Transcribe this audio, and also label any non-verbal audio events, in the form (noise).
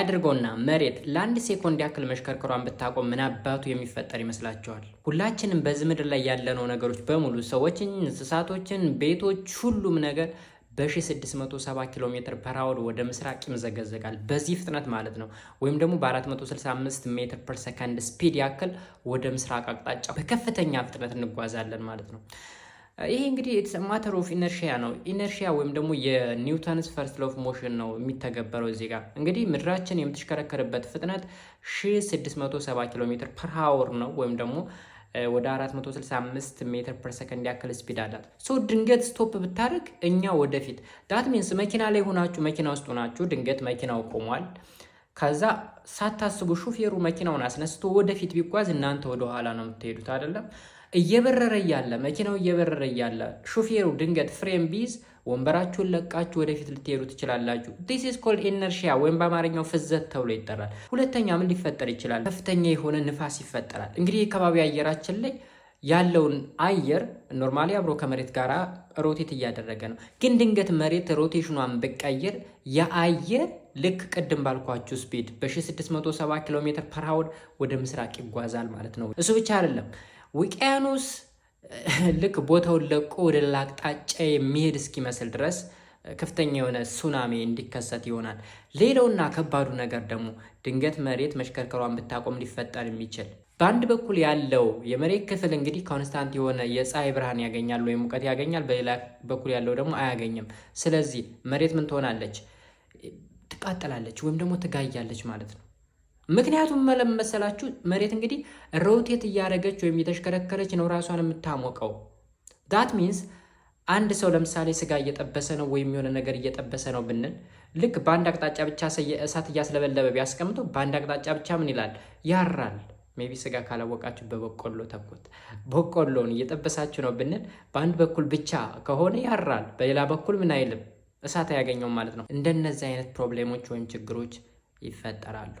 ያድርገውና መሬት ለአንድ ሴኮንድ ያክል መሽከርከሯን ብታቆም ምን አባቱ የሚፈጠር ይመስላችኋል? ሁላችንም በዚህ ምድር ላይ ያለነው ነገሮች በሙሉ ሰዎችን፣ እንስሳቶችን፣ ቤቶች፣ ሁሉም ነገር በ1670 ኪሎ ሜትር ፐር ወደ ምስራቅ ይምዘገዘጋል። በዚህ ፍጥነት ማለት ነው። ወይም ደግሞ በ465 ሜትር ፐር ሰከንድ ስፒድ ያክል ወደ ምስራቅ አቅጣጫ በከፍተኛ ፍጥነት እንጓዛለን ማለት ነው። ይሄ እንግዲህ ማተር ኦፍ ኢነርሺያ ነው። ኢነርሺያ ወይም ደግሞ የኒውተንስ ፈርስት ሎፍ ሞሽን ነው የሚተገበረው እዚህ ጋር እንግዲህ ምድራችን የምትሽከረከርበት ፍጥነት 1670 ኪሎ ሜትር ፐር ሃወር ነው ወይም ደግሞ ወደ 465 ሜትር ፐር ሰከንድ ያክል ስፒድ አላት። ሶ ድንገት ስቶፕ ብታደርግ እኛ ወደፊት ዳት ሚንስ መኪና ላይ ሆናችሁ መኪና ውስጥ ሆናችሁ ድንገት መኪናው ቆሟል። ከዛ ሳታስቡ ሹፌሩ መኪናውን አስነስቶ ወደፊት ቢጓዝ እናንተ ወደኋላ ነው የምትሄዱት አይደለም። እየበረረ እያለ መኪናው እየበረረ እያለ ሹፌሩ ድንገት ፍሬም ቢዝ ወንበራችሁን ለቃችሁ ወደፊት ልትሄዱ ትችላላችሁ። ዲስ ኢዝ ኮልድ ኢነርሺያ ወይም በአማርኛው ፍዘት ተብሎ ይጠራል። ሁለተኛ ምን ሊፈጠር ይችላል? ከፍተኛ የሆነ ንፋስ ይፈጠራል። እንግዲህ የከባቢ አየራችን ላይ ያለውን አየር ኖርማሊ አብሮ ከመሬት ጋር ሮቴት እያደረገ ነው። ግን ድንገት መሬት ሮቴሽኗን ብቀይር የአየር ልክ ቅድም ባልኳችሁ ስፒድ በ1670 ኪሎ ሜትር ፐር አወር ወደ ምስራቅ ይጓዛል ማለት ነው። እሱ ብቻ አይደለም ውቅያኖስ (laughs) ልክ ቦታውን ለቆ ወደ ሌላ አቅጣጫ የሚሄድ እስኪመስል ድረስ ከፍተኛ የሆነ ሱናሚ እንዲከሰት ይሆናል። ሌላውና ከባዱ ነገር ደግሞ ድንገት መሬት መሽከርከሯን ብታቆም ሊፈጠር የሚችል በአንድ በኩል ያለው የመሬት ክፍል እንግዲህ ኮንስታንት የሆነ የፀሐይ ብርሃን ያገኛል ወይም ሙቀት ያገኛል፣ በሌላ በኩል ያለው ደግሞ አያገኝም። ስለዚህ መሬት ምን ትሆናለች? ትቃጠላለች ወይም ደግሞ ትጋያለች ማለት ነው። ምክንያቱም መለመሰላችሁ መሰላችሁ መሬት እንግዲህ ሮቴት እያደረገች ወይም እየተሽከረከረች ነው ራሷን የምታሞቀው። ዳት ሚንስ አንድ ሰው ለምሳሌ ስጋ እየጠበሰ ነው ወይም የሆነ ነገር እየጠበሰ ነው ብንል ልክ በአንድ አቅጣጫ ብቻ እሳት እያስለበለበ ቢያስቀምጠው በአንድ አቅጣጫ ብቻ ምን ይላል? ያራል። ሜቢ ስጋ ካላወቃችሁ በበቆሎ ተኩት። በቆሎን እየጠበሳችሁ ነው ብንል በአንድ በኩል ብቻ ከሆነ ያራል፣ በሌላ በኩል ምን አይልም፣ እሳት አያገኘውም ማለት ነው። እንደነዚህ አይነት ፕሮብሌሞች ወይም ችግሮች ይፈጠራሉ።